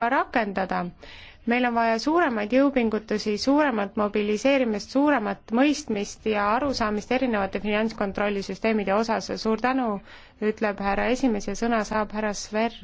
rakendada. meil on vaja suuremaid jõupingutusi, suuremat mobiliseerimist, suuremat mõistmist ja arusaamist erinevate finantskontrollisüsteemide osas. suur tänu, ütleb härra esimees ja sõna saab härra Sver.